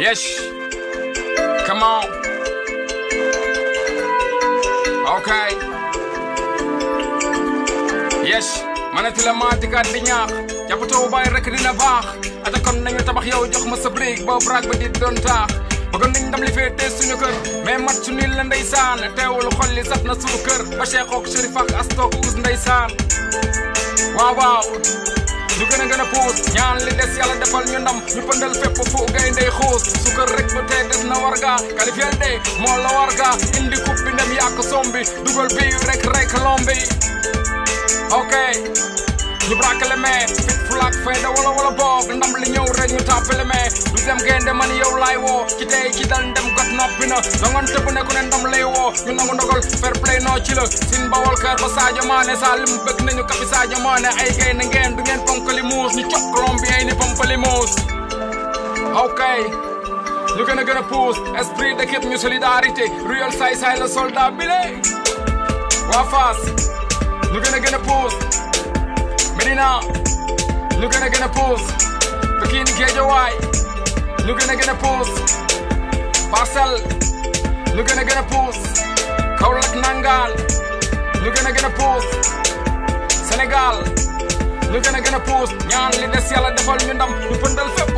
Yes. Come on. Okay. Yes. manati la maa dikkaat di ñaax jàppatoo bàyyi rek dina baax atakoon nañu tabax yow jox ma sa brique boobu raag ba di doon taax bëggoon nañ ndam li féetee suñu kër mais mat suñu la ndeysaan teewul xol li saf na suñu kër ba Cheikh ak Chérif ak Astok us ndeysaan waaw waaw ménopause ñaan li des yàlla defal ñu ndam ñu pëndal fépp fu gayndey xuus sukar rek ba tey des na warga kalifeel de moo la warga indi kub bi sombi dugal bi rek rek lombi ok ñu braqué le fit flag fayda wala wala boog ndam li ñëw rek ñu tàppale mais dem gaynde man yow laay woo ci tey ci dal ndem got noppi na uh. longante bu ne ku ne ndam lay woo gonna go fair play noo ci la sin bawol kër ba Sadio Mané saa lim bëgg nañu kapi Sadio Mané ay gaynde ngeen du ngeen ponkali muus ñu cop colombien ni pompali muus ok ñu gonna get a puus esprit d'équipe ñu solidarité ruyal say say la soldat bi le waa gonna get a gën a puus gonna get a gën to get your Guédiawaye lu gën a gën a puus parcelle lu gën a gën a puus Kaolack nangaal lu gën a gën a puus Sénégal lu gën a gën a puus ñaan li des yàlla defal ñu ndam ñu